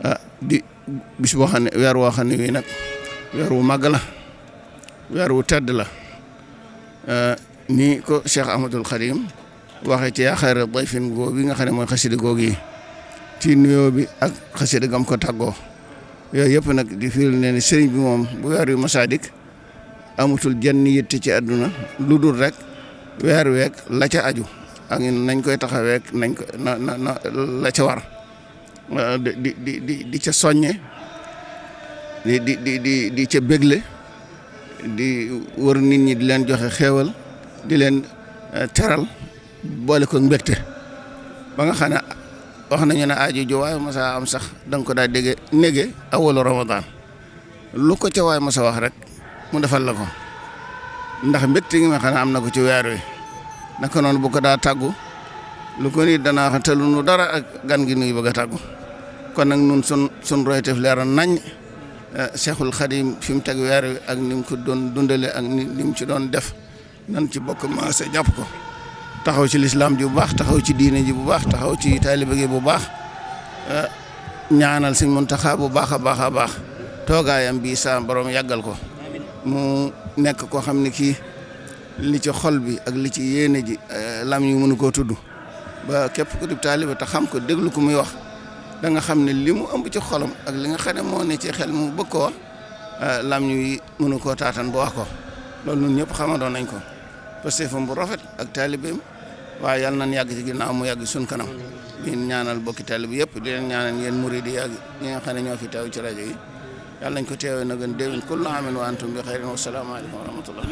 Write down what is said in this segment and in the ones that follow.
ah di bis boo ne weer woo xam ne wii nag weer wu màgg la weer wu tedd la ah, ni ko Cheikh Ahmadul Xadim waxee ci yaa xayra dayfin goo bi nga xam ne mooy xasida goog yi ci nuyoo bi ak xasida gam ko tàggoo yooyu yëpp nag di firil ne ni sëriñ bi moom bu weer wi masaadik amutul jenn yitte ci àdduna lu dul rek weer week la ca aju ak nañ koy taxaweek nañ ko na la ca war Euh, di di di di ca soññe di di di di di ca bégle di wër nit ñi di leen joxe xéewal di leen euh, teral boole ko mbégte ba nga xam ne na nañu ne aaju ju waaye masa am sax da ko daa dégge nége awalu ramadan lu ko ca waay masa wax rek mu defal la ko ndax mbégte gi nga xam am na ko ci weer wi naka noonu bu ko daa tàggu lu ko nit danaa wax te nu dara ak gan gi nuy bëgg a tàggu kon nag nun sun sun royteef leeral nañ Cheikhul eh, xadi fi mu teg weer wi ak ni mu ko doon dundale ak ni mu ci doon def nan ci bokk maase jàpp ko taxaw ci lislaam ji bu baax taxaw ci diina ji bu baax taxaw ci taalibe gi bu baax eh, ñaanal Sëñ taxa bu baax a baax a baax toogaayam bii saa borom yàggal ko mu nekk koo xam ne kii li ci xol bi ak li ci yéene ji eh, lam ñu mënu koo tudd ba képp ku di taalibe te xam ko déglu ko muy wax da nga xam ne li mu ëmb ci xolam ak li nga xam ne moo ne ci xel mu bëgg ko wax lam ñuy mënu koo taatan bu wax ko loolu ñun ñëpp xamandoon nañ ko parce que bu rafet ak taalibeem waaye yàlla nañ yàgg ci ginnaaw mu yàgg sun kanam di ñaanal bokki taalibe yëpp di leen ñaanal yéen murid yi ak ñi nga xam ne ñoo fi teew ci rajo yi yàlla nañ ko teewee na gën déwén kullu amin wa antum bi xayrin wa salaamaaleykum wa rahmatullah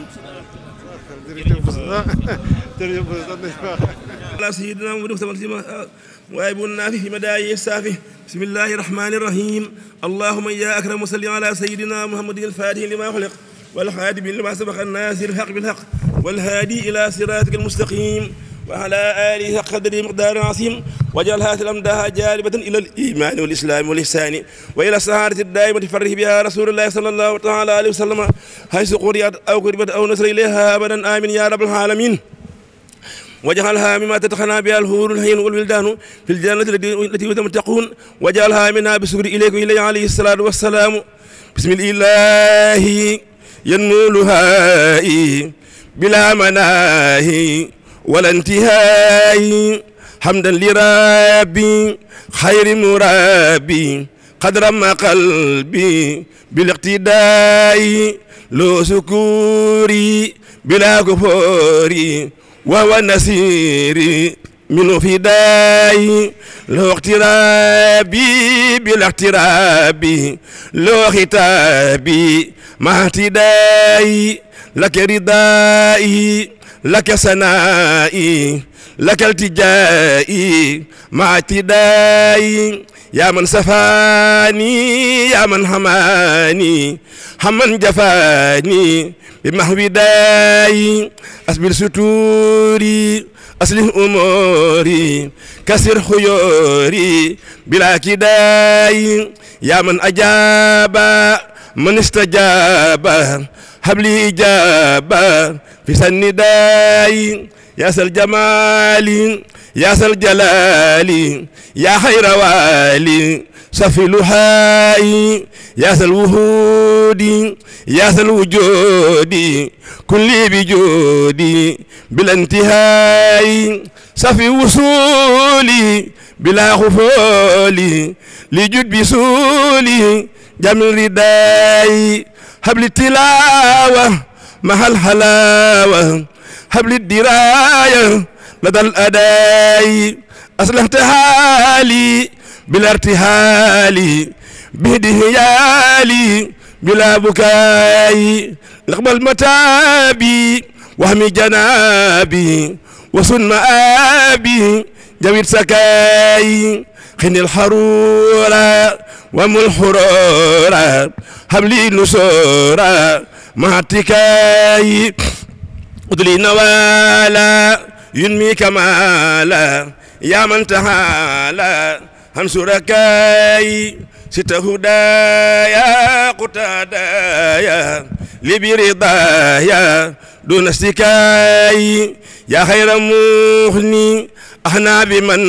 ala sayidina muhammad wa sallam waaye bu naa fi fi ma daaye saafi bismillahi rahmani rahim allahuma ya akramu salli ala sayidina muhammadin alfatihi lima uxliq walxaatimi lima sabaq annaasir alxaq bilxaq walhaadi ila siratika almustaqim wa ala alihi xaq qadri miqdaari asim wajal haati lamdaha jaalibatan ila alimaani walislaami walihsaani wa ila sahaadati daaimati farrihi biha rasulillahi sal allahu taala alayhi wa sallama haysu quriyat aw kuribat aw nasra ilayha abadan amin ya rabbal alamin واجعلها مما تتخنى بها الهور الحين والولدان في الجنة التي وعد المتقون واجعلها منا بسكر إليك إلي عليه الصلاة والسلام بسم الله ينمولها بلا مناه ولا انتهاء حمدا لربي خير مربي قدر ما قلبي بالاقتداء لو سكوري بلا كفوري وهو نسيري منه في داي لو اقترابي بلا اقترابي لو ختابي مع اهتدائي لك ردائي لك سنائي لك التجائي مع اعتدائي يا من سفاني يا من حماني حمن جفاني bi max wi daayi asbil sutuuri aslih umuri kasir xuyoori bilaa ki daayi yaa man ajaaba man istajaaba habli ijaaba fi sanni daayi yaasal jamaali yaasal jalaali yaa xayra waali safi luhaayi yaasal wuhuudi yaasal wujoodi kulli bi joodi bila intihaayi safi wusuuli bila xufooli li jud bi suuli jamil ridaayi habli tilaawa mahal halaawa habli diraaya ladal adaayi aslahta haali bila irtihaali bidihyaali bila bukaayi laqbal mataabi wahmi janaabi wasun maabi jawit sakaayi xinil xaruura wamul xuruura habli nusuura maatikaayi udli nawaala yunmi kamaala yaa man tahaala han surakaay si taxu daaya qutaadaaya libiridaaya duna sikaay yaa xayra muxni axna bi man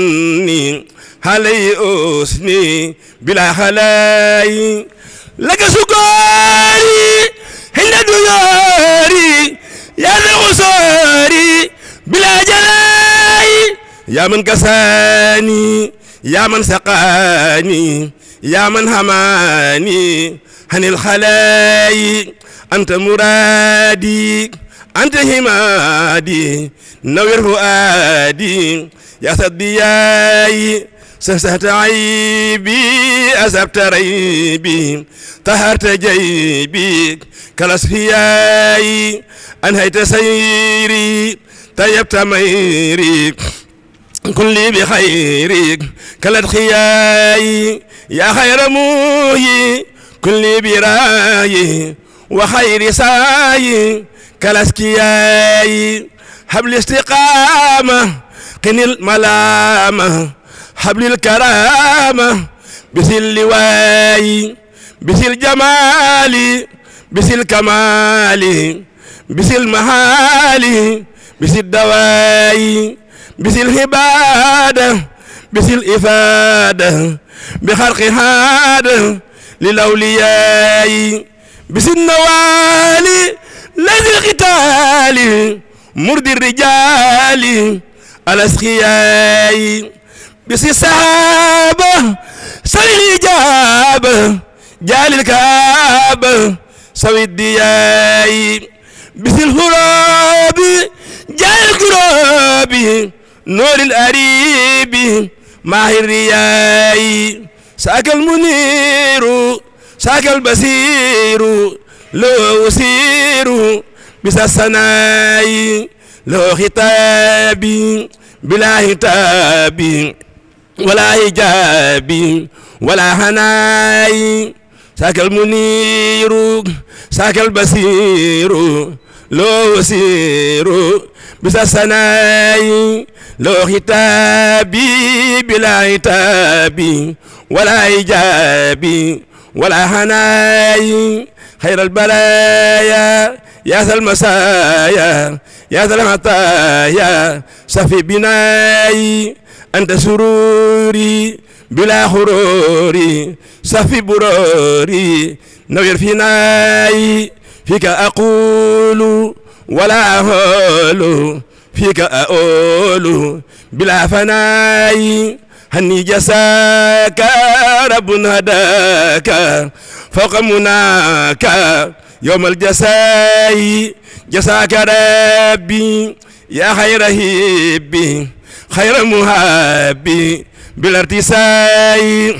ni xalay usni bila xalaay laka sukaari hinda duyaari yaa dal xusaari bila jalaay yaa man kasaani yaa man saqaani yaa man hamaani hanil xalaayi anta muraadi anta himaadi nawir fuaadi yaa sadbiyaayi سسهت عيبي أسبت ريبي طهرت جيبي كالأسفياي أنهيت سيري طيبت ميري kulli bi xayrik kalat xiyaayi yaa xayra muuyi kulli bi raayi wa xayri saayi kalaskiyaayi habli istiqaama qinil malaama hablil karaama bisil liwaayi bisil jamaali bisil kamaali bisil mahaali bisil dawaayi bisil xibaada bisil ifaada bi xarqi xaada li lawliyaayi bisil nawaali lazil xitaali murdi rijaali alasxiyaayi bisil saxaaba salil ijaaba jaalil kaaba sawi diyaayi bisil xuroobi jaalil xuroobi نور الأريب ماهر رياي ساك المنير ساك البصير لو أسير بس السناي لو خطابي بلا هتابي ولا هجابي ولا هناي ساك المنير ساك البصير لو أسير بس السناي loo xitaabi bilaa xitaabi wala ijaabi wala xanaayi xayral balaaya yaasal masaaya yaasal xataaya safi binaayi anta suruuri bilaa xuroori safi buroori nawir finaayi fika aqulu wala xoolu فيك أقول بلا فناي هني جساك رب هداك فوق مناك يوم الجساي جساك ربي يا خير هيبي خير مهابي بلا ارتساي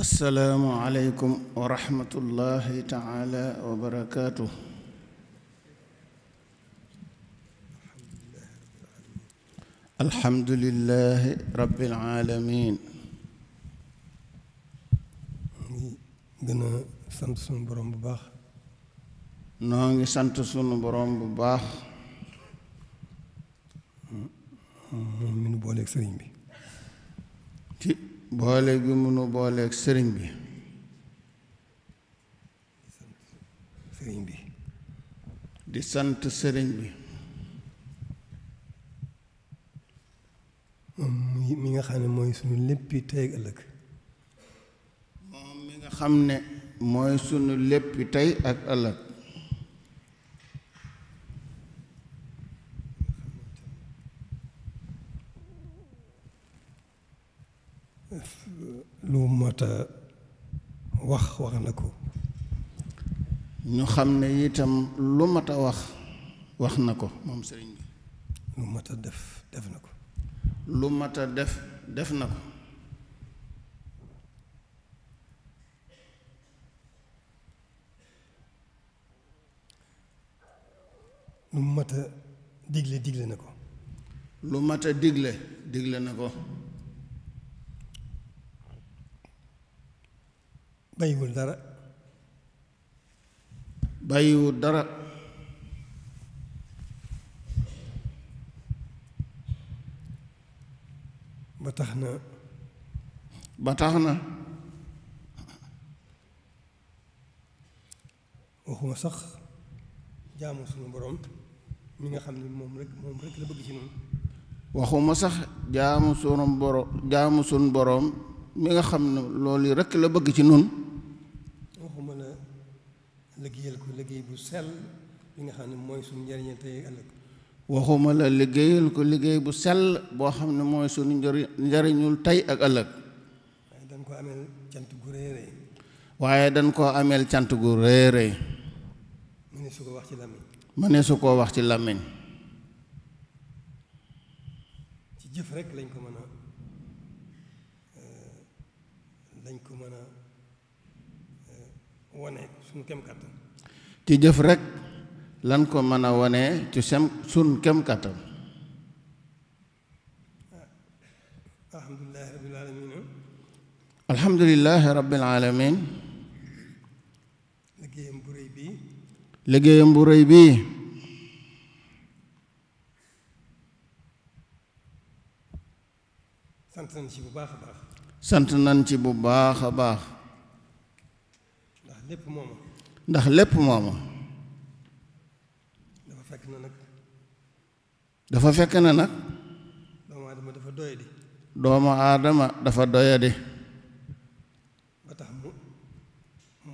assalaamu aleykum wa rahmatullahi taala wa barakaatu alhamdulillahi rabbil aalamiin ngi gën a sant sunu boroom bu baax noo ngi sant sunu boroom bu baax moom mi nu booleeg sëriñ bi boole gi munu booleek sëriñ bi sëriñ bi di sant sëriñ bi moom mi nga xam ne mooy sunu lépp tey ak ëllëg moom mi nga xam ne mooy sunu léppi tey ak ëllëg lu mat a wax wax na ko ñu xam ne itam lu mat a wax wax na ko moom sëriñ bi lu mat a def def na ko lu mat a def def na ko lu mat a digle digle na ko lu mat a digle digle na ko bàyyiwul dara bàyyiwul dara ba tax na ba tax na waxuma sax jaamu sunu borom mi nga xam ne moom rek moom rek la bëgg ci noonu waxuma sax jaamu sunu borom jaamu sunu borom mi nga xam ne loolu rekk la bëgg ci noonu liggéeyal ko liggéey bu sel bi nga xam ne mooy suñu njëriñal tey ëllëg waxuma la liggéeyal ko liggéey bu sel boo xam ne mooy suñu njëriñul tey ak ëllëg waaye dañ ko ameel cant gu rëy rëy waaye dañ koo ameel cant gu rëy rëy mu ne su ko wax ci làmmiñ su koo wax ci làmmiñ ci jëf rek lañ ko mën a euh, lañ ko mën a euh, wane suñu kem kàttan ci jëf rekk lan ko mën a wone ci sem sun kem kàttan alhamdulillahi rabbil alamin liggéeyam bu rëy bii sant nañ ci bu baax a baax sant nañ ci bu baax a baax ndax lépp mooma dafa fekk na nag dafa fekk na nag doomu aadama dafa doyadi doomu dafa doyadi ba tax mu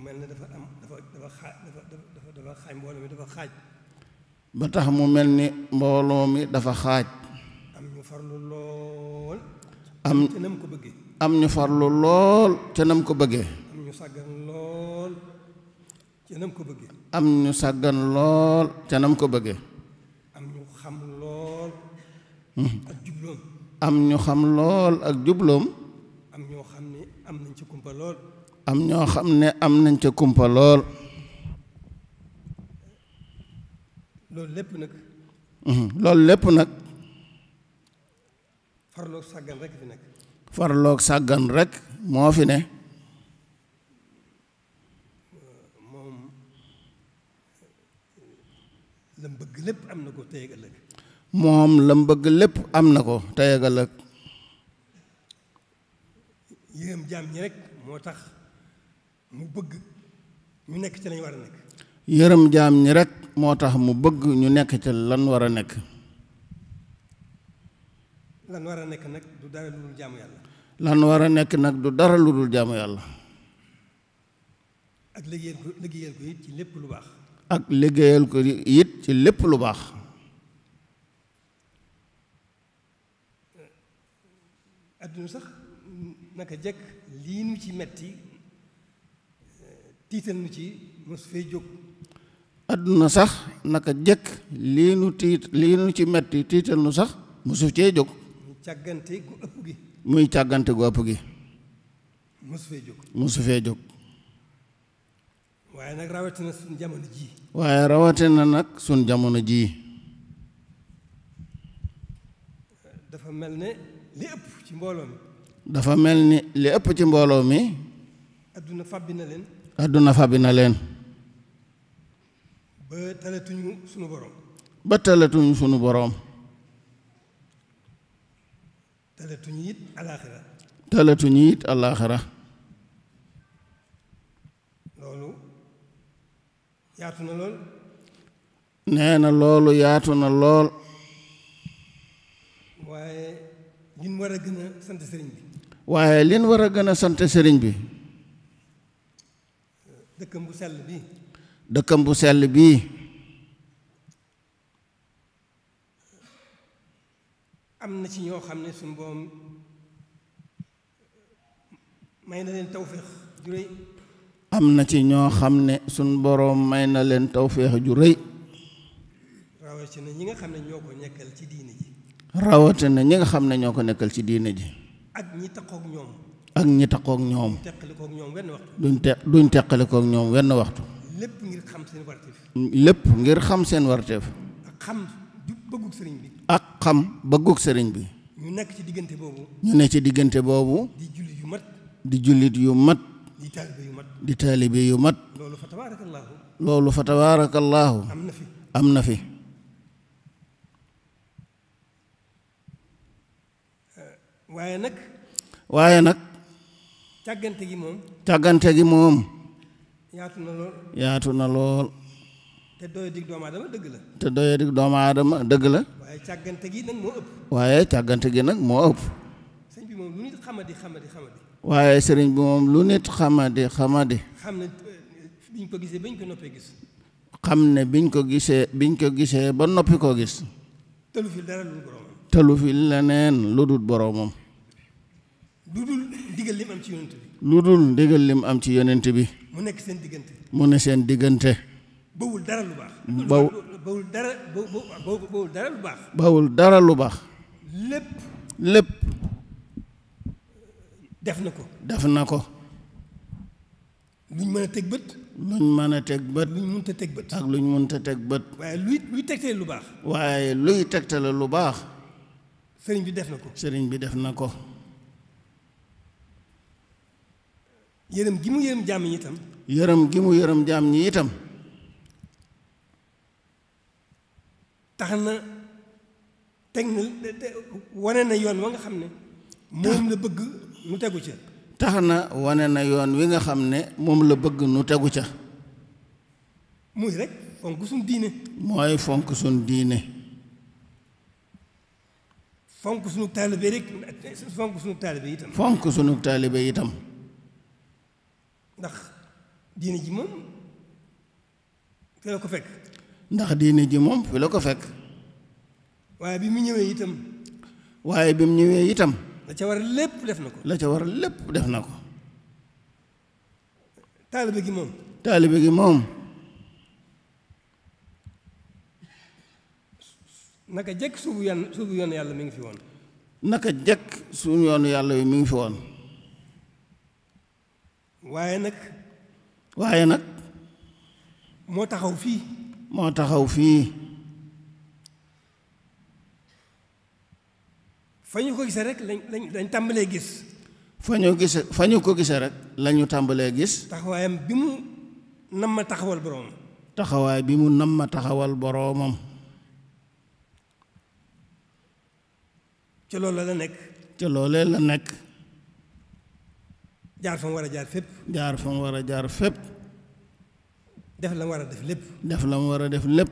mel ni dafa am dafa dafa mbooloo mi dafa xaaj ba tax mu mel ni mbooloo mi dafa xaaj am ñu farlu lool am am ñu farlu lool nam ko bëggee am ñu sàggan lool ca ko bëgge am ñu xam lool hmm. ak jubloom am ñu xam lool ak jubloom am ñoo xam ni am nañ ca kumpa lool am ñoo ne am nañ ca kumpa lool loolu lépp nag hmm. loolu lépp nag farloog sàggan rek fi nekk farloog sàggan rekk moo fi ne lam bëgg lépp am na ko tey ëllëg moom lam bëgg lépp am na ko tey ak ëllëg yërëm jaam ñi rek moo tax mu bëgg ñu nekk ci lañ war a nekk yërëm ñi rek moo tax mu bëgg ñu nekk ci lan war a nekk lan war a nekk nag du dara lu dul jaamu yàlla lan war a nekk nag du dara lu dul jaamu yàlla ak liggéeyal ko liggéeyal ci lépp lu baax ak liggéeyal ko it ci lépp lu baax adduna sax naka jëkk lii nu ci metti tiital nu ci mos fee jóg sax naka jekk lii nu tiit tiital nu sax mosu cee jóg muy càggante gu ëpp gi muy càggante gu ëpp gi mosu fee jóg mosu jóg waaye nag rawatina suñ jamono jii. waaye rawatina nag suñ jamono jii. dafa mel ne li dafa mel ni li ëpp ci mbooloo mi. àdduna fàbbi na leen. adduna fàbbi na leen. ba talatuñu sunu boroom. ba talatuñu sunu boroom. talatuñu it alaaxira. talatuñu it alaaxira. yaatu na lool. nee na loolu yaatu na lool. waaye li war a gën a sant sëriñ bi. waaye li war a gën a sant sëriñ bi. dëkkam bu sell bii. bu sell bii. am na ci ñoo xam ne suñu boom may na leen tawféex ju am na ci ñoo xam ne suñ boroom may na leen tawféex ju rëy rawatina ñi nga xam ne ñoo ko nekkal ci diine ji rawatina ñi nga xam ne ñoo ko nekkal ci diine ji ak ñi takkook ñoom ak ñi takkook ñoom duñ duñ teqalikook ñoom wenn waxtu lépp ngir xam seen warteef lépp ngir xam seen warteef ak xam bëggug sëriñ bi ak xam bëggug sëriñ bi ñu nekk ci diggante boobu ñu nekk ci diggante boobu di jullit yu mat di jullit yu mat di taalibe yu mat loolu fa tabaarakallaahu am na fi eh, waaye nag waaye nag càggante gi moom càggante gi moom yaatu na lool yaatu na lool te doye dig doomu aadama dëgg la te doye doomu aadama dëgg la waaye càggante gi nag moo ëpp waaye càggante gi nag moo ëpp waaye sëriñ bi moom lu nit xamadi xamadi. xam ne ko gisee bañ ko noppee ne biñ ko gisee biñ ko gisee ba noppi ko gis. tëlu fi lu dul boromam. leneen lu dul boromam. lu dul ndigal lim am ci yonent bi. lu dul ndigal lim am ci yonent bi. mu nekk seen diggante. mu seen diggante. bawul dara lu baax. bawul dara lu baax. bawul dara lu baax. lépp. lépp. def na ko. def na ko. luñ mën a teg bët. luñ mën a teg bët. luñ mënta teg bët. ak luñ mënta teg bët. waaye luy luy lu baax. waaye luy tegtale lu baax. sëriñ bi def na ko. sëriñ bi def na ko. yërëm gi mu yërëm jàmm ñi itam. yërëm gi mu yërëm jàmm ñi itam. tax na teg na wane na yoon wa nga xam ne. moom la bëgg. nu tegu ca tax na wane na yoon wi nga xam ne moom la bëgg nu tegu ca muy rek fonk suñ diine mooy fonk suñ diine fonk suñu taalibe rek fonk suñu itam fonk suñu taalibe itam ndax diine ji moom fi la ko fekk ndax diine ji moom fi la ko fekk waaye bi mu ñëwee itam waaye bi mu ñëwee itam la ca war lépp def na ko. la ca war lépp def na ko. taalibe gi moom. taalibe gi moom. naka jekk suubu yoon suubu yoon yàlla mi ngi fi woon. naka jekk suñu yoon yàlla wi mi ngi fi woon. waaye nag. waaye nag. moo taxaw fii. moo taxaw fii. fa ñu ko gisee rek lañ lañ lañ tàmbalee gis. fa ñu gisee ko gisee rek lañu ñu tàmbalee gis. taxawaayam bi mu nam ma taxawal boroomam. taxawaay bi mu nam ma taxawal boroomam. ca loolu la nekk. ca loolee la nekk. jaar fa mu war a jaar fépp. jaar fa mu war a jaar fépp. def la mu war a def lépp. def la war a def lépp.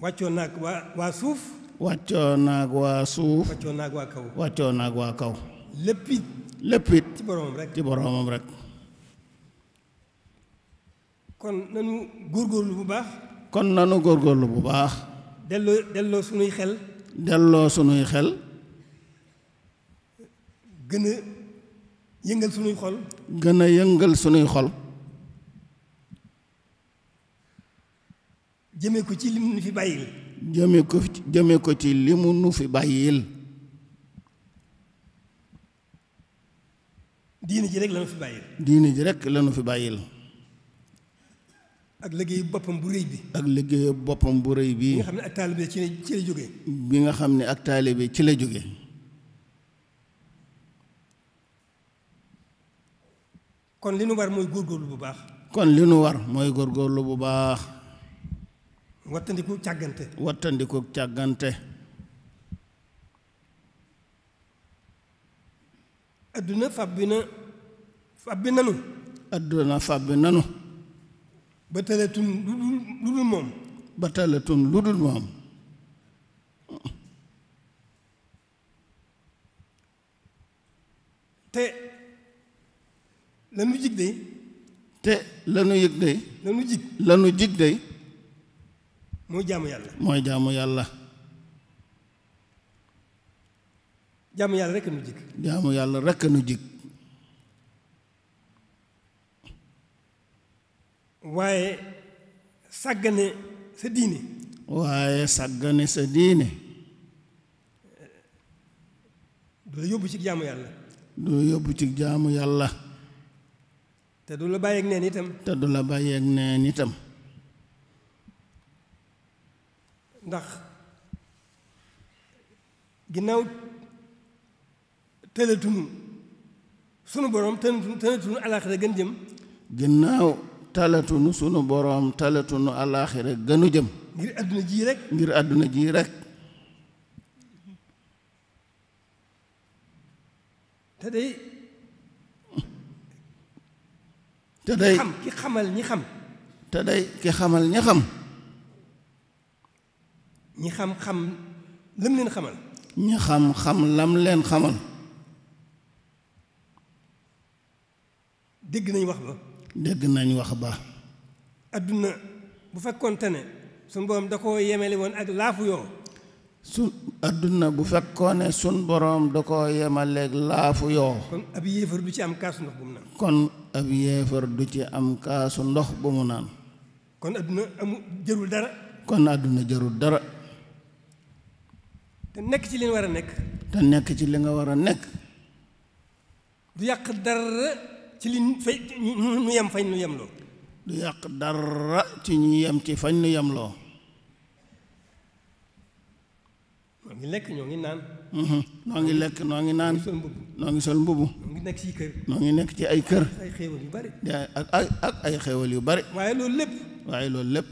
wàccoon naa waa waa suuf. wàccoo naag waa suuf. wàccoo naag waa kaw. wàccoo naag waa kaw. lépp it. lépp ci boromam rek ci boromam rek. kon nanu góorgóorlu bu baax. kon nanu góorlu bu baax. delloo delloo sunuy xel. delloo sunuy xel. gën a yëngal sunuy xol. gën a yëngal sunuy xol. jëmee ko ci lim nu fi bàyyil. jëme ko ko ci li mu nu fi bàyyil diine ji rek la fi bàyyil diine ji rekk la nu fi bàyyil ak liggéeyu boppam bu rëy bi ak liggéeyu boppam bu rëy bi nga xam ne ak taalibe ci jóge bi nga xam ne ak taalibe ci la jóge kon li nu war mooy góorgóorlu bu baax kon li nu mooy góorgóorlu bu baax wattandiku càggante wattandiku càggante adduna fàbbi na fàbbi nanu adduna fàbbi nanu ba tëlatun lu dul dul moom ba tëlatun lu dul moom te lanu jig dey te lanu yëg dey lanu jig lanu jig dey mooy jaamu yàlla. mooy jaamu yàlla. jaamu yàlla rekk nu yàlla rekk nu jig. waaye sàggane sa diine. waaye sàggane sa diine. du la yóbbu ci jaamu yàlla. du yóbbu ci jaamu yàlla. te du la bàyyeeg neen itam. te du la bàyyeeg neen itam. ndax ginnaaw tëlatunu sunu boroom tëlatunu tëlatunu alaaxira gën jëm ginnaaw talatunu sunu boroom talatunu alaaxira gënu jëm ngir àdduna ji rek ngir àdduna ji rek te day te day ki xamal ñi xam te day ki xamal ñi xam ñi xam-xam lam leen xamal. ñi xam-xam lam leen xamal. dégg nañ wax ba. dégg nañ wax ba. adduna bu fekkoonte ne sunu borom da koo yemale woon ak laafu yoo. su adduna bu fekkoon ne sunu borom da koo yemaleeg laafu yoo. kon ab yéefar du ci am kaasu ndox bu mu naan. kon ab yéefar du ci am kaasu ndox bu mu naan. kon adduna amu jërul dara. kon adduna jërul dara. te nekk ci li nga war a nekk. te nekk ci li nga war a nekk. du yàq dara ci li fay ñu yem yàq dara ci ñu ci fañ nu yem loo ngi lekk ñoo ngi naan. Mm-hmm. noo ngi lekk noo ngi naan. noo ngi sol mbubu. noo ngi nekk ci kër. noo ngi nekk ci ay kër. ay xéewal yu bari. ak ak ay xéewal yu bari. waaye loolu lépp. waaye loolu lépp.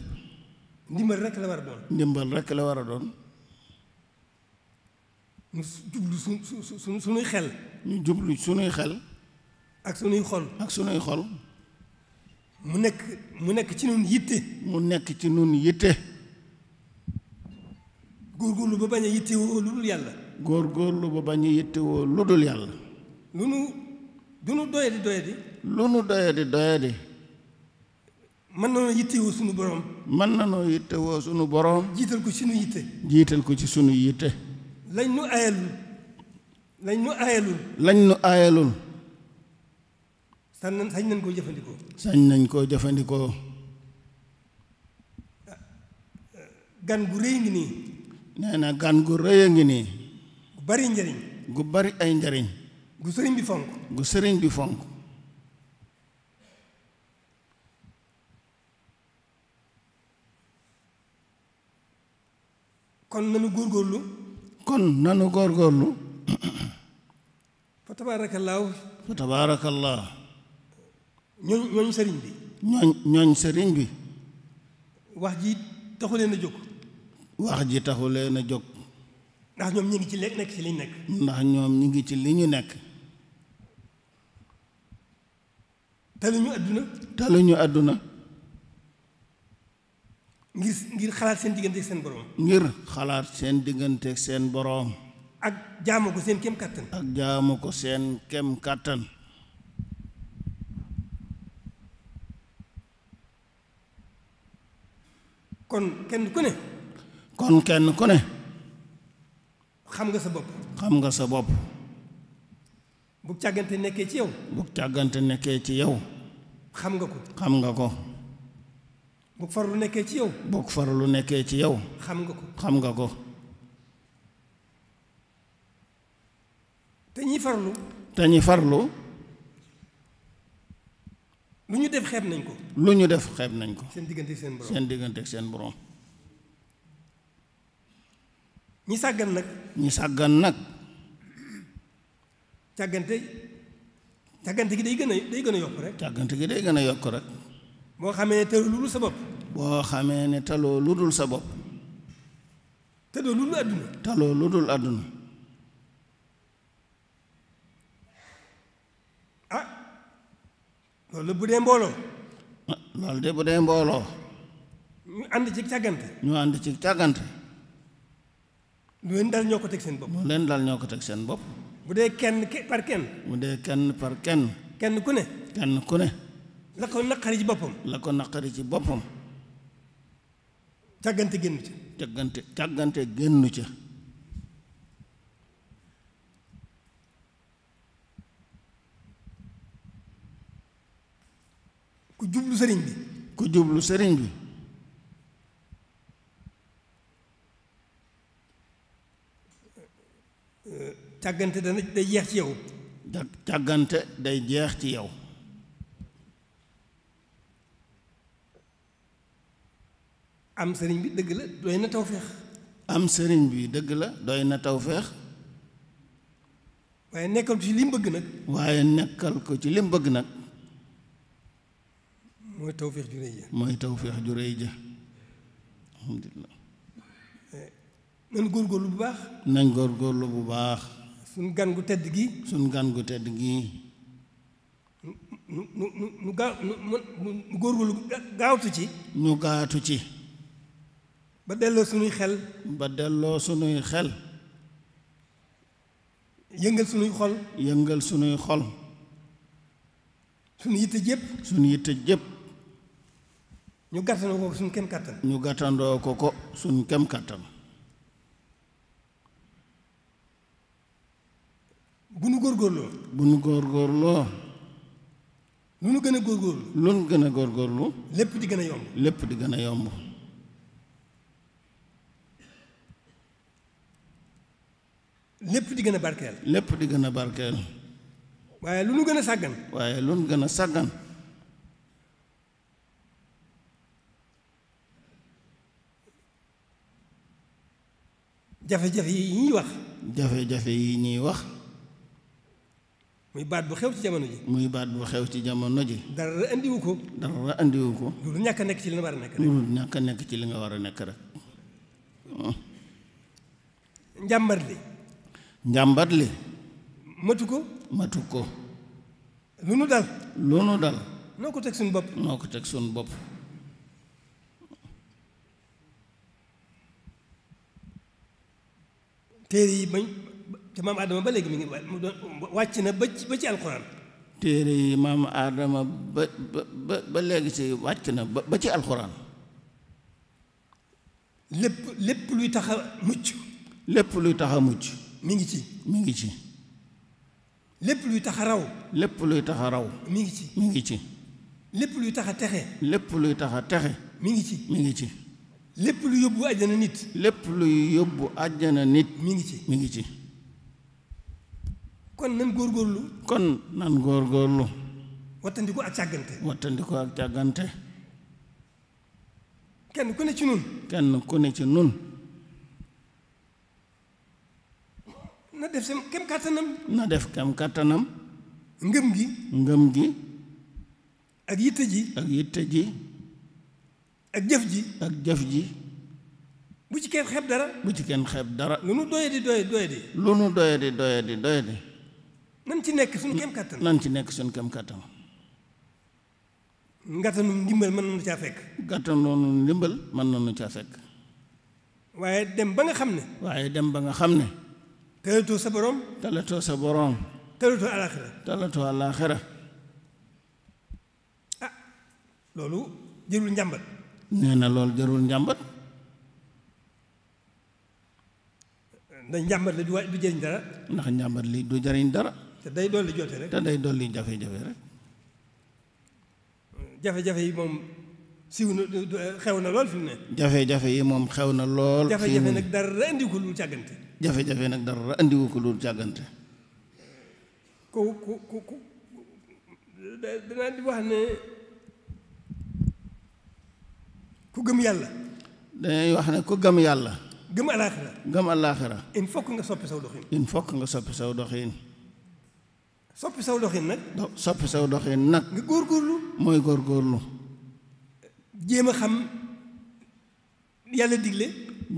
ndimbal rekk la war a doon. ndimbal rekk la war a doon. mu jublu su su su sunuy xel. ñu jublu sunuy xel. ak sunuy xol. ak sunuy xol. mu nekk mu nekk ci nun yitte. mu nekk ci nun yitte. góorgóorlu ba bañ a yittewoo lu yàlla. góorgóorlu ba bañ a yittewoo lu dul yàlla. lu nu du nu doyadi doyadi. lu nu doyadi doyadi. mën na noo yittewoo sunu borom. mën na noo yittewoo sunu borom. jiital ko ci sunu yitte. jiital ko ci sunu yitte. lañ nu ayalul lañ nu ayalul lañ nu ayalul sañ nañ koo jëfandikoo sañ nañ koo jëfandikoo gan gu rëy ngi nii nee na gan gu rëy a ngi nii gu bari njariñ gu bari ay njariñ gu sëriñ bi fonk gu sëriñ bi fonk kon nanu góorgóorlu kon nanu góorgóorlu fa tabaarakallaahu fa tabaarakallaahu ñooñ ñooñ sëriñ bi ñooñ sëriñ bi wax ji taxuleen a jóg wax ji taxu leen a jóg ndax ñoom ñu ngi ci nekk ci li ñu nekk ndax ñoom ñu ngi ci li ñu nekk taluñu àdduna ñu àdduna ngir ngir xalaat seen digganteeg seen boroom. ngir xalaat seen digganteeg seen boroom. ak jaamu ko seen kem kàttan. ak jaamu ko seen kem kàttan. kon kenn ku ne. kon kenn ku ne. xam nga sa bopp. xam nga sa bopp. bu càggante nekkee ci yow. bu càggante nekkee ci yow. xam nga ko. xam nga ko. bu farlu nekkee ci yow. bu farlu nekkee ci yow. xam nga ko xam nga ko. te ñi farlu. te ñi farlu. lu ñu def xeeb nañ ko. lu ñu def xeeb nañ ko. seen diggante seen borom seen diggante seen borom. ñi sàggan nag. ñi sàggan nag. càggante càggante gi day gën a day gën a yokk rek. càggante gi day gën a yokk rek. boo xamee tëralu sa bopp. boo xamee ne taloo lu dul sa bopp taloo lu dul àdduna taloo lu dul àdduna a ah, loolu bu dee mbooloo ah, loolu de bu dee mbooloo ñu ànd ci càggante ñu ànd ci càggante lu dal ñoo ko teg seen bopp lu leen dal ñoo ko teg seen bopp bu dee kenn par kenn mu dee kenn par kenn kenn ku ne kenn ku ne la ko naqari ci boppam la ko naqari ci boppam càggante génn ca càggante càggante génn ca ku jublu sëriñ bi ku jublu sëriñ bi càggante dana day jeex ci yow càggante day jeex ci yow am sëriñ bi dëgg la doy na tawféex. am sëriñ bi dëgg la doy na tawféex. waaye nekkal ko ci lim bëgg nag. ko ci li bëgg nag. mooy tawféex ju rëy mooy tawféex ju rëy ja alhamdulilah. góor eh, góorgóorlu bu baax. nañ góorgóorlu bu baax. suñ gan gu tedd gi. suñ gan gu tedd gi. nu nu nu nu gaaw nu nu góorgóorlu gaawtu ci. ñu gaatu ci. ba delloo sunuy xel ba delloo sunuy xel yëngal sunuy xol yëngal sunuy xol sunu yitte jëpp sunu yitte jëpp ñu gàttandoo ko suñu kem kàttan ñu gàttandoo ko ko suñu kem kàttan bu nu góor góorloo lu nu gën a góorgóorlu lu gën a góorgóorlu lépp di gën a yomb lépp di gën a yomb lépp di gën a barkeel. lépp di gën a barkeel. waaye lu nu gën a sàggan. waaye lu nu gën a sàggan. jafe-jafe yi ñuy wax. jafe-jafe yi ñuy wax. muy baat bu xew ci jamono ji. muy baat bu xew ci jamono ji. dara andiwu ko. dara andiwu ko. lu ñàkk nekk ci li nga a nekk rek. ñàkk a nekk ci li nga war a nekk rek. njàmbar njàmbat li matu ko matu ko lu nu dal lu nu dal noo ko teg suñ bopp moo ko teg suñu bopp téere yi bañ te maam Adama ba léegi mi ngi wàcc doon ba na ba ci alxuraan. téere yi maam Adama ba ba ba léegi ci wàcc na ba ci alxuraan. lépp lépp luy tax a mucc. lépp luy taxa a mi ngi ci mi ngi ci lépp luy tax a raw lépp luy tax a raw mi ngi ci mi ngi ci lépp luy tax a texe lépp luy tax a texe mi ngi ci mi ngi ci lépp lu yóbbu àjjana nit lépp luy yóbbu àjjana nit mi ngi ci mi ngi ci kon nan góorgóorlu kon nan góorgóorlu wattandiku ak càggante wattandiku ak càggante kenn ku ne ci nun kenn ku ne ci nun na def sam kem kàttanam na def kem kàttanam ngëm gi ngëm gi ak yitte ji ak yitte ji ak jëf ji ak jëf ji bu ci kenn xeeb dara bu ci kenn xeeb dara lu nu doye di doye doye ci nekk suñu kem kàttan nan ci nekk suñu kem kàttan ngàttanu ndimbal mën caa fekk ngàttanu ndimbal mën nañu caa fekk waaye dem ba nga xam ne waaye dem ba nga xam ne talatoo sa borom talatoo sa borom talatoo alaxira talatoo ah, loolu jërul njàmbat nee na loolu jërul njàmbat ndax njàmbat li du jëriñ dara ndax njàmbat li du jëriñ dara te day dolli jote rek te day dolli jafe-jafe rek jafe-jafe yi moom siw na xew na lool fi mu ne. jafe-jafe yi moom xew na lool. jafe-jafe nag dara andiwu ko lu càggante. jafe-jafe nag dara andiwu ko lu jàggante ku ku ku ku danaa wax ne ku gëm yàlla. dañuy wax ne ku gëm yàlla. gëm alaaxira. gëm alaaxira. il faut que nga soppi saw doxin. il faut nga soppi saw doxin. soppi saw doxin nag. soppi saw doxin nag. nga góorgóorlu. mooy góorgóorlu. jéem a xam yàlla digle.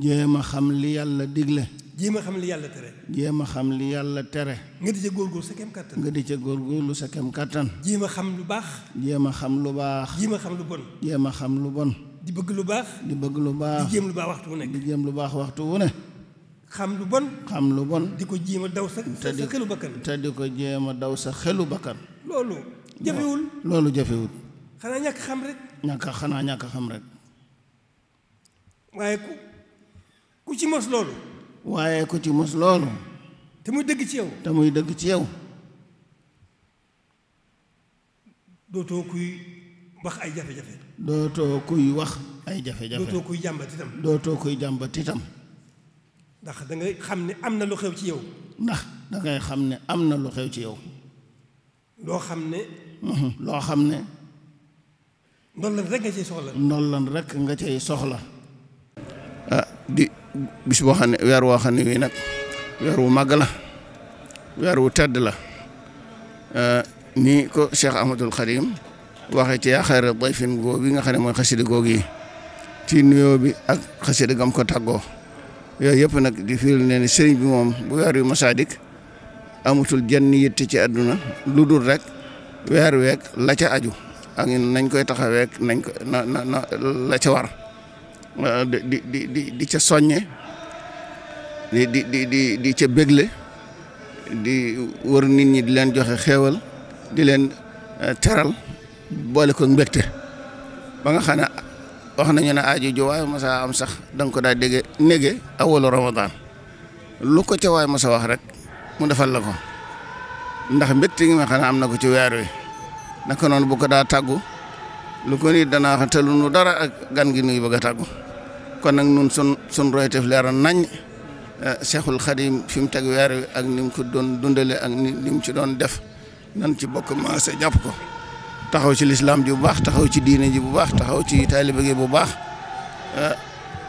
jéem a xam li yàlla digle. jéem a xam li yàlla tere. jéem a xam li yàlla tere. nga di ca góorgóorlu sa kem kàttan. nga di ca góorgóorlu sa kem kàttan. jéem a xam lu baax. jéem a xam lu baax. jéem a xam lu bon. jéem a xam lu bon. di bëgg lu baax. di bëgg lu baax. di jéem lu baax waxtu lu baax waxtu wu ne. xam lu bon. xam lu bon. di ko jéem a daw sa sa xelu bakkan. te di ko jéem a daw sa xelu bakkan. loolu. jafewul loolu jafewul. xanaa ñàkk xam rek. ñàkk a xanaa ñàkk xam rek. waaye ku ku ci mos loolu. waaye ku ci mos loolu. te muy dëgg ci yow. te muy dëgg ci yow. dootoo kuy wax ay jafe-jafe. dootoo kuy wax ay jafe dootoo kuy jàmbat dootoo kuy jàmbat ndax da xam ni am na lu xew ci yow. ndax dangay xam ne am na lu xew ci yow. loo xam ne. loo xam ne. ndollan rek nga cay soxla. ndollan rek nga cay soxla. ah di bis boo xam ne weer woo xam ne wii nag weer wu màgg la weer wu tedd la ah, ni ko Cheikh Ahmadul Xadim waxee ci yaaxaare dayfin goo bi nga xam ne mooy xasida goog yi ci nuyoo bi ak xasida gam ko tàggoo yooyu yëpp nag di firil ne ne sëriñ bi moom bu weer wi masaadik amutul jenn yitte ci àdduna lu dul rek weer week la ca aju ak nañ koy taxawee nañ ko na na la ca war di di di di ca soññe di di di di di ca bégle di wër nit ñi di leen joxe xéewal di leen eh, teral boole ko mbégte ba nga xam ne wax nañu ne aaju ju waaye masa am sax da nga ko daa dégge nége awalu ramadan lu ko ca waay masa wax rek mu defal la ko ndax mbégte gi nga xam am na ko ci weer wi naka noonu bu ko daa tàggu lu ko nit danaa wax te dara ak gan gi nuy bëgg a tàggu kon nag nun sun sun royteef leer nañ Cheikhul eh, Khadim fi mu teg weer wi ak ni mu ko doon dundale ak ni mu ci doon def nan ci bokk maase jàpp ko taxaw ci lislaam ji bu baax taxaw ci diine ji bu baax taxaw ci taalibe gi bu baax eh,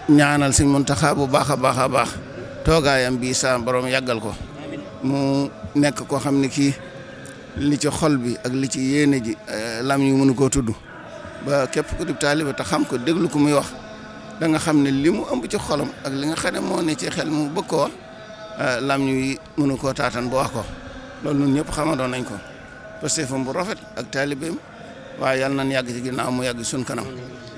ñaanal Sëñ taxa bu baax a baax a baax toogaayam bii saa borom yàggal ko mu nekk koo xam ne kii li ci xol bi ak li ci yéene ji eh, lam yu mënu koo tudd ba képp ku di taaliba te xam ko déglu ko muy wax da nga xam ne li mu ëmb ci xolam ak li nga xam ne moo ne ci xel mu bëgg ko eh, lam yi mënu koo taatan bu wax ko loolu ñun ñëpp nañ ko parce que fam bu rafet ak taalibeem waaye yàlla nañ yàgg ci ginnaaw mu yàgg sun kanam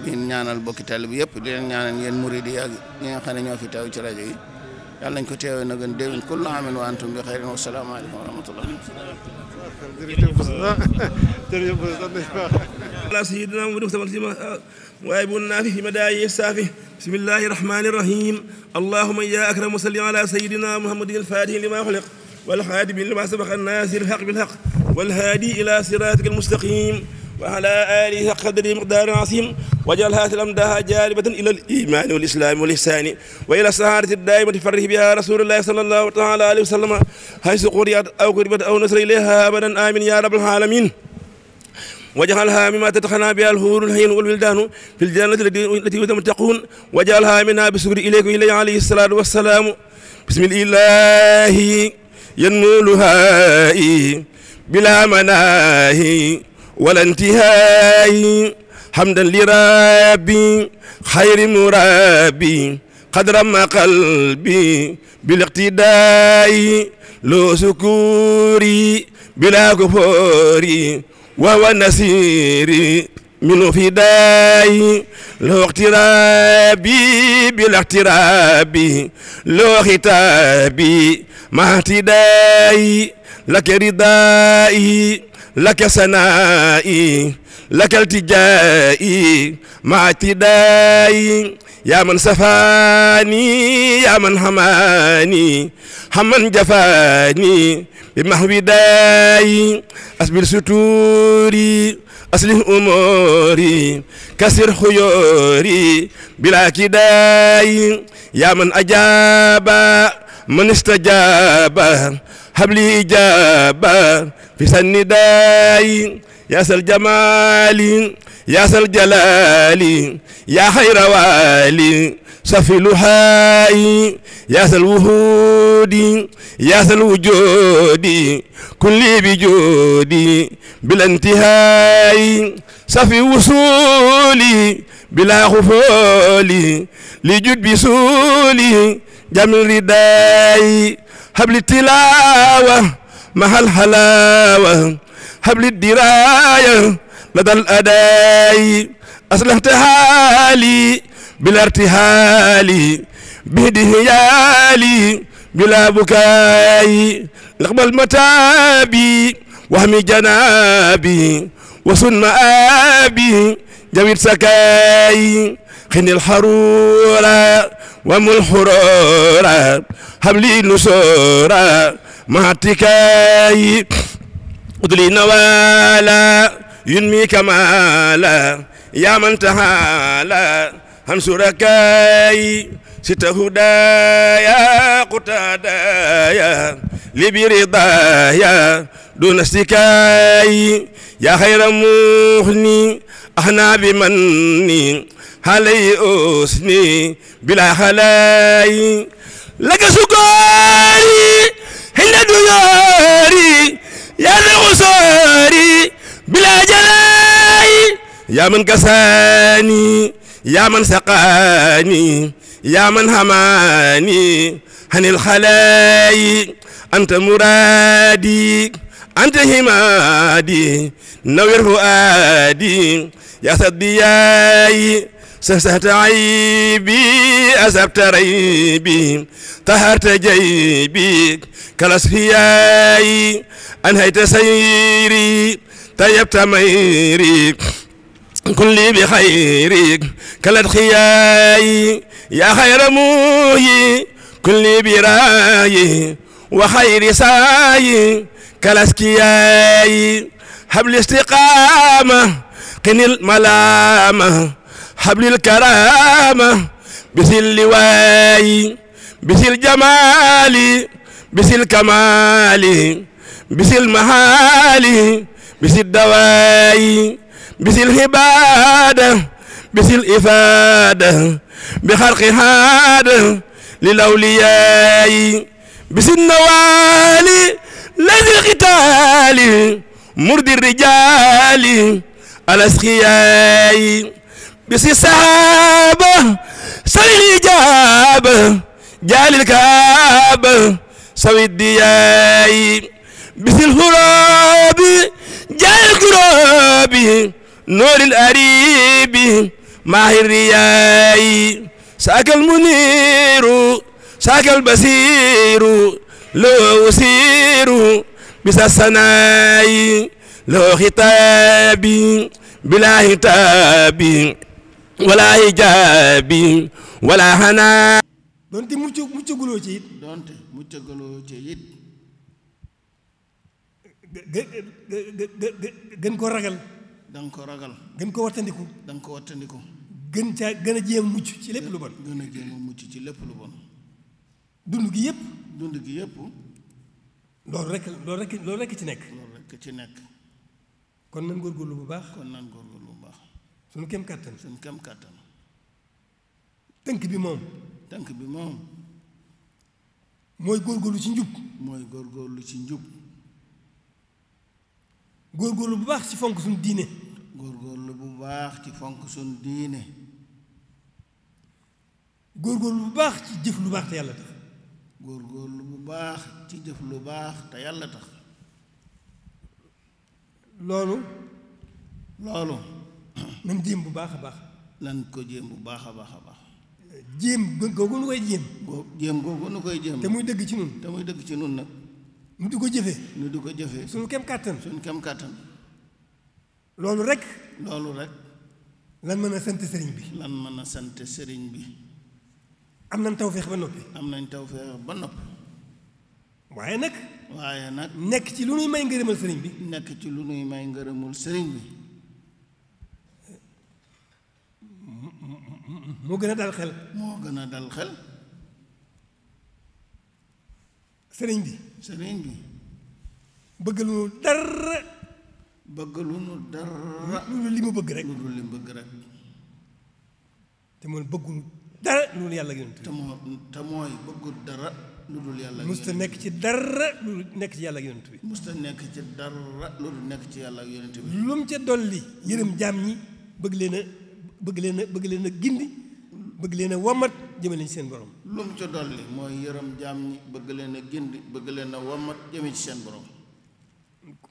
di ñaanal bokki taalibe yëpp di leen ñaanal yéen murid yi yàgg ñi nga xam ne ñoo fi teew ci rajo yi yàlla nañ ko teewee na gën déwén kullu amin wa antum bi xayrin wa salaamaaleykum wa rahmatullah jërëjëf ala sayidina mu def samal sima waaye bu naa fi fi ma daayi saafi bismillahi rahmani rahim allahuma ya akram salli ala sayidina muhammadin alfatihi lima xuliq والخاتم لما سبق الناصر الحق بالحق والهادي إلى صراطك المستقيم وعلى آله قدر مقدار عظيم واجعل هذه الأمداها جالبة إلى الإيمان والإسلام والإحسان وإلى السهارة الدائمة فرح بها رسول الله صلى الله تعالى عليه وسلم حيث قرئت أو قربت أو نصر إليها أبدا آمين يا رب العالمين واجعلها مما تتخنى بها الهور الهين والولدان في الجنة التي يتقون واجعلها منها بسكر إليك وإليه عليه الصلاة والسلام بسم الإله ينولها بلا مناهي ولا انتهاء حمدا لربي خير مرابي قدر ما قلبي بالاقتداء لو سكوري بلا كفوري وهو نسيري من فداي لو اقترابي بلا اقترابي لو ختابي مع اهتداي لك ردائي laka sanaa'i laka iltijaa'i ma'a ihtidaa'i yaa man safaani yaa man hamaani haman jafaani bi mahwi daa'i asbir sutuuri aslih umuuri kasir xuyóori bilaa kidaa'i yaa man ajaaba man istajaaba habli ijaba fi sannidayi yaasal jamali yaasal jalali yaa xayra waali safilu haayi yaasal wuhuudi yaasal wujoodi kulli bi joodi bilantihaayi safi wusuuli bilaa xufooli li jud bi suuli jamil ridaayi habli tilaawa mahal halaawa habli diraaya ladal adaayi aslahta haali bila irtihaali bihdi hiyaali bila bukaayi naqbal mataabi wahmi janaabi wasun maabi jawit sakaayi قني الحرورة وملحرورة حبلي نسورة مع اتكاي ادلي نوالا ينمي كمالا يا من تهالا هم سركاي ستهدايا قتادايا لبرضايا دون استكاي يا خير مغني أحنا بمني halay usni bila halay laka sukari hinda duyari ya usari bila jalai ya man kasani ya man saqani ya man hamani hanil halay anta muradi anta himadi nawir fuadi ya saddiyayi سست عيبي أسبت ريبي طهرت جيبي كالأصفياء أنهيت سيري طيبت ميري كلي بخيرك كلت خياي يا خير موي كلي براي وخير ساي كلاسكياي هب الاستقامة قني الملامة hablil karaama bisil liwaayi bisil jamaali bisil kamaali bisil mahaali bisil dawaayi bisil hibaada bisil ifaada bi xarqi haada lil awliyaayi bisil nawaali lazil qitaali murdi rijaali alasxiyaayi bisi saaba salil ijaaba jaalil kaaba sawit diyaayi bisil huraabi jaalil kuraabi nooril ariibi maahir riyaayi saakal muniiru saakal basiiru loo usiiru bisa sanaayi loo xitaabi bilaa xitaabi wala hijaabi wala hanaa doonte mucc muccaguloo ci it doonte muccaguloo ci it gën ko ragal danga ko ragal gën ko wattandiku danga ko wattandiku gën caa gën a jéem mucc ci lépp lu bon gën a jéem a mucc ci lépp lu bon dund gi yëpp dund gi yëpp loolu rek loolu rek loolu rek ci nekk loolu rek ci nekk kon nan góorgóorlu bu baax kon nan suñu kem kàttan suñu kem kàttan tënk bi moom tënk bi moom mooy góorgóorlu ci njub mooy góor góorlu ci njub góorgóorlu bu baax ci fonk suñu diine góorgóorlu bu baax ci fonk suñu diine góorgóorlu bu baax ci jëf lu baax te yàlla tax góorgóorlu bu baax ci jëf lu baax te yàlla tax loolu loolu nañ jéem bu baax a baax lan ko jéem bu baax a baax a baax jéem googu nu koy jéem jéem googu nu koy jéem te muy dëgg ci nun te muy dëgg ci nun nag nu di ko jëfe nu di ko jëfee suñu kem kàttan suñu kem kàttan loolu rek loolu rek lan mën a sant sëriñ bi lan mën a sant sëriñ bi am nañ tawféex ba nopp am nañ tawféex ba nopp waaye nag waaye nag nekk ci lu nuy may ngërëmal sëriñ bi nekk ci lu nuy may ngërëmul sëriñ bi moo gën a dal xel moo gën a dal xel sëriñ bi sëriñ bi bëgg lu nu dara bëgg lu nu dara lu dul li mu bëgg rek lu dul li te moom bëggul dara lu dul yàlla yonent te moo te mooy bëggul dara lu dul yàlla musta nekk ci dara lu nekk ci yàlla yonent bi musta nekk ci dara lu dul nekk ci yàlla yonent bi lu mu ca dolli yërëm jaam ñi bëgg leen a bëgg leen a bëgg leen a gindi bëgg leen a womat jëmale ci seen borom. lu mu ca dolli mooy yërëm jaam ñi bëgg leen a bëgg leen a womat jëmee ci seen borom.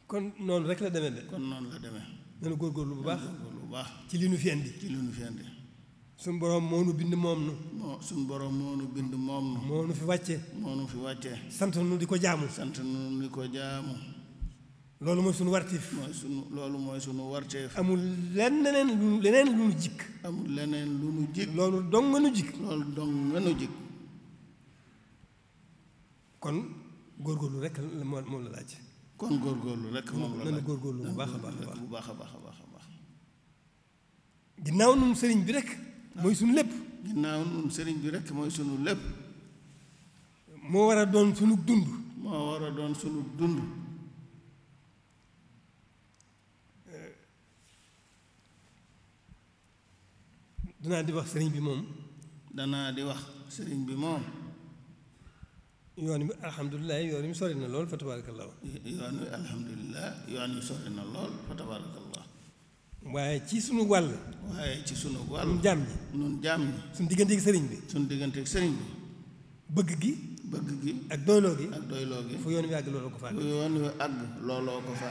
kon noonu rek la demee de. kon noonu la demee. nañu góorgóorlu bu baax bu baax. ci li nu fi indi. ci li nu fi suñu borom moo nu bind moom nu. moo suñu borom moo nu bind moom nu. moo nu fi wàccee. moo nu fi wàccee. sant nu di ko jaamu. sant nu di ko jaamu. loolu mooy sunu warteef. mooy suñu loolu mooy sunu warteef. amul leneen lu leneen lu nu jikk. amul leneen lu nu jikk. loolu dong nga nu jikk. loolu doo nga jikk. kon góorgóorlu rekk moom la laaj. kon góorgóorlu rekk moom la laaj. nanu góorgóorlu bu baax baax a baax bu baax a baax baax a baax. ginnaaw nun sëriñ bi rekk mooy suñu lépp. ginnaaw nun sëriñ bi rek mooy sunu lépp. moo war a doon sunu dund. moo war a doon sunu dund. danaa di wax sëriñ bi moom danaa di wax sëriñ bi moom yoon bi alhamdulilah yoon wi sori lool fa tabarakallah waaye ci sunu wàll waaye ci sunu wàll nun jaam ñi nun jaam ñi suñ digganteeg sëriñ bi suñ digganteeg sëriñ bi bëgg gi bëgg gi ak doyloo gi ak doyloo gi fu yoon wi àgg looloo ko fa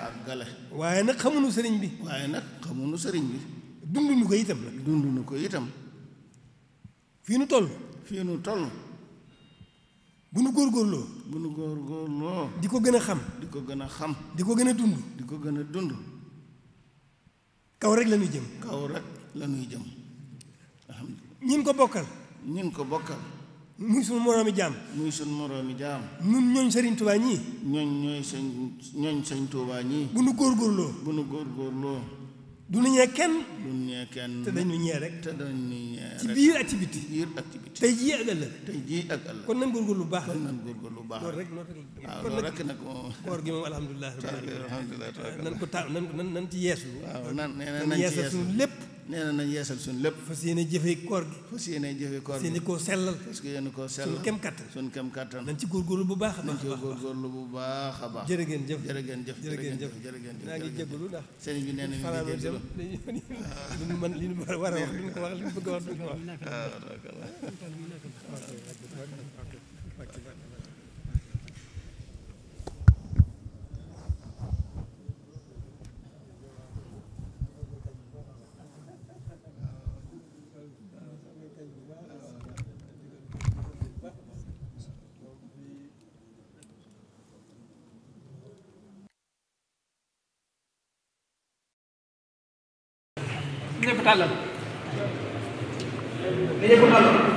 àgg fu waaye nag xamuñu sëriñ bi waaye nag xamuñu sëriñ bi dundu nu ko itam nag dundu nu ko itam fii nu toll fii nu toll bu nu góorgóorloo bu nu góorgóorloo di ko gën a xam di ko gën a xam di ko gën a dund di ko gën a dund kaw rek la ñuy jëm kaw rek la ñuy jëm alhamdulilah ñin ko bokkal ñin ko bokkal muy sunu moroomi jaam muy sunu moroomi jaam ñun ñooñ sëriñ Tuubaa ñii ñooñ ñooy sëñ ñooñ sëñ Tuubaa ñii bu nu góorgóorloo bu nu góorgóorloo du nu kenn. du nu ñee kenn te dañu ñee rek. te dañu ñee rek ci biir ak ci ak ci biti tey jii ak ëllëg. jii ak ëllëg kon nan góorgóorlu bu baax. kon nan góorgóorlu bu baax rek loolu rek. waaw loolu rek nag moom. koor gi moom alhamdulilah. alhamdulilah nan ko ta nan nan ci yeesu. nan na nan ci yeesu yeesal suñu lépp. nee nañ yeesal suñ lépp fas yéene jëfe koor gi fas yéene jëfe koor gi fas yéene koo sellal fas yéene koo sellal suñ kem kattan suñ kem kattan nañ ci góorgóorlu bu baax a baax nañ ci góorgóorlu bu baax a baax jërë ngeen jëf jërë ngeen jëf jërë ngeen jëf jërë ngeen jëf naa ngi jégalu ndax sëñ bi nee na war a wax li ñu ko wax li ñu bëgg a wax duñ ko wax ah, tàllal nañu ko tàllal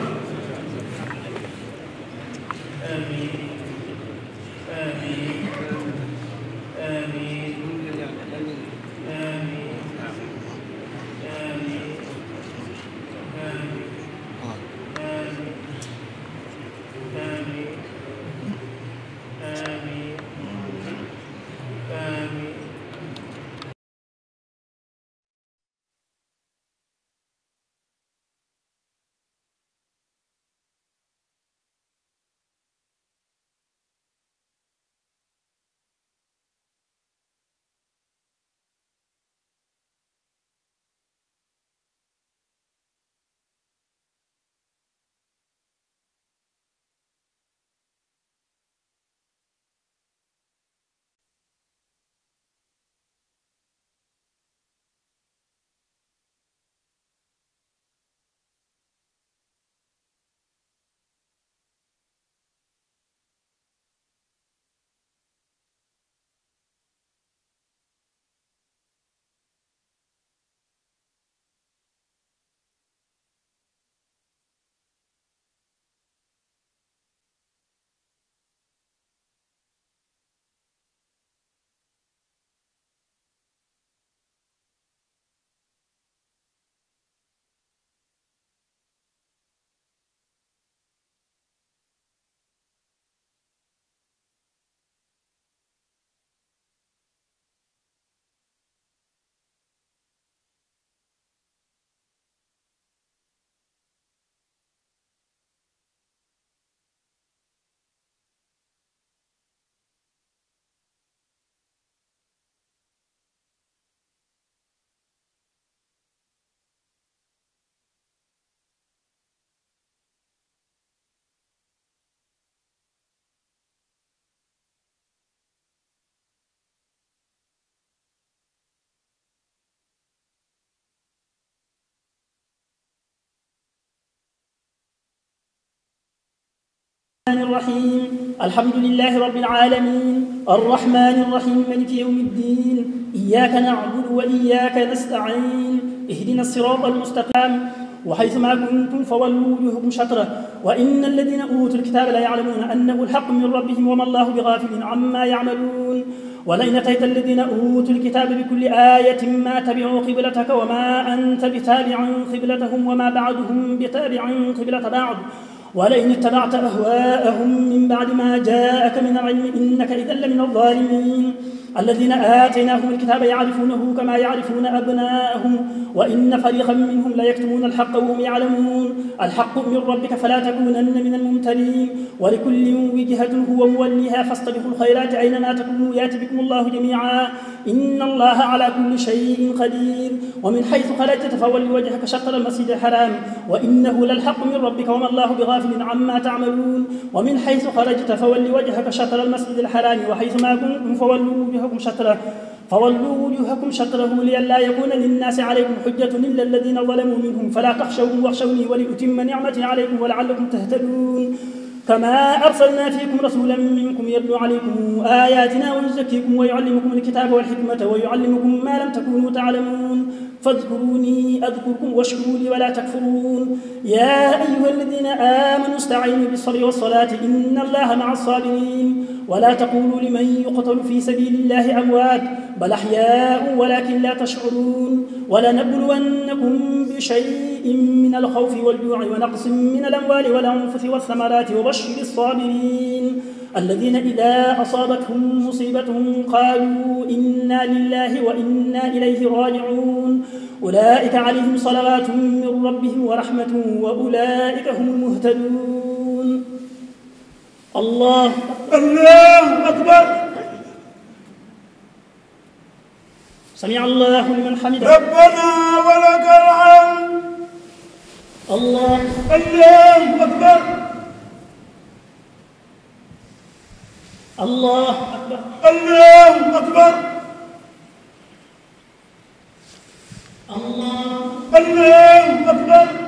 الرحيم الحمد لله رب العالمين الرحمن الرحيم ملك يوم الدين إياك نعبد وإياك نستعين اهدنا الصراط المستقيم وحيثما كنتم فولوا وجوهكم شطره وإن الذين أوتوا الكتاب لا يعلمون أنه الحق من ربهم وما الله بغافل عما يعملون ولئن أتيت الذين أوتوا الكتاب بكل آية ما تبعوا قبلتك وما أنت بتابع قبلتهم وما بعدهم بتابع قبلة بعض ولئن اتبعت أهواءهم من بعد ما جاءك من العلم إنك إذا لمن الظالمين الذين آتيناهم الكتاب يعرفونه كما يعرفون أبناءهم وإن فريقا منهم لا يكتمون الحق وهم يعلمون الحق من ربك فلا تكونن من الممترين ولكل وجهة هو موليها فاستبقوا الخيرات أينما تكونوا يأتي بكم الله جميعا إن الله على كل شيء قدير ومن حيث خرجت فول وجهك شطر المسجد الحرام وإنه للحق من ربك وما الله بغافل عما تعملون ومن حيث خرجت فول وجهك شطر المسجد الحرام وحيث ما كنتم فولوا وجوهكم شطره فولوا وجوهكم شطره لئلا يكون للناس عليكم حجة إلا الذين ظلموا منهم فلا تخشوهم واخشوني ولأتم نعمتي عليكم ولعلكم تهتدون كما أرسلنا فيكم رسولا منكم يتلو عليكم آياتنا ويزكيكم ويعلمكم الكتاب والحكمة ويعلمكم ما لم تكونوا تعلمون فاذكروني أذكركم واشكروا لي ولا تكفرون يا أيها الذين آمنوا استعينوا بالصبر والصلاة إن الله مع الصابرين ولا تقولوا لمن يقتل في سبيل الله أموات بل أحياء ولكن لا تشعرون ولنبلونكم بشيء من الخوف والجوع ونقص من الأموال والأنفس والثمرات وبشر الصابرين الذين إذا أصابتهم مصيبة قالوا إنا لله وإنا إليه راجعون أولئك عليهم صلوات من ربهم ورحمة وأولئك هم المهتدون الله الله أكبر سمع الله لمن حمده ربنا ولك الحمد الله الله أكبر الله أكبر الله أكبر الله الله أكبر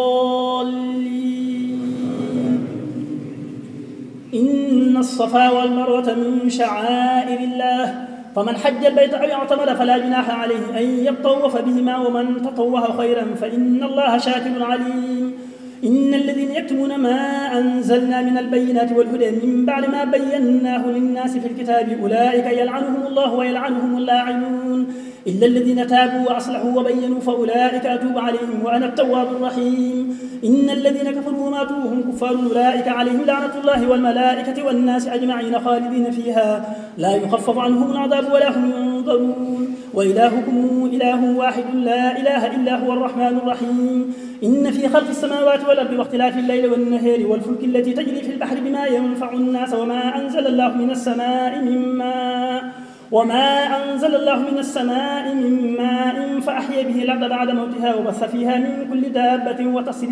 الصفا والمروة من شعائر الله فمن حج البيت أو اعتمر فلا جناح عليه أن يطوف بهما ومن تطوه خيرا فإن الله شاكر عليم إن الذين يكتمون ما أنزلنا من البينات والهدى من بعد ما بيناه للناس في الكتاب أولئك يلعنهم الله ويلعنهم اللاعنون إلا الذين تابوا وأصلحوا وبينوا فأولئك أتوب عليهم وأنا التواب الرحيم إن الذين كفروا وماتوا وهم كفار أولئك عليهم لعنة الله والملائكة والناس أجمعين خالدين فيها لا يخفف عنهم العذاب ولا هم ينظرون وإلهكم إله واحد لا إله إلا هو الرحمن الرحيم إن في خلق السماوات والأرض واختلاف الليل والنهار والفلك التي تجري في البحر بما ينفع الناس وما أنزل الله من السماء من ماء وما أنزل الله من السماء من ماء فأحيا به الأرض بعد موتها وبث فيها من كل دابة وتصريف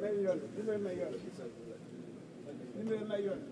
may yoon li may may yoon li may may yoon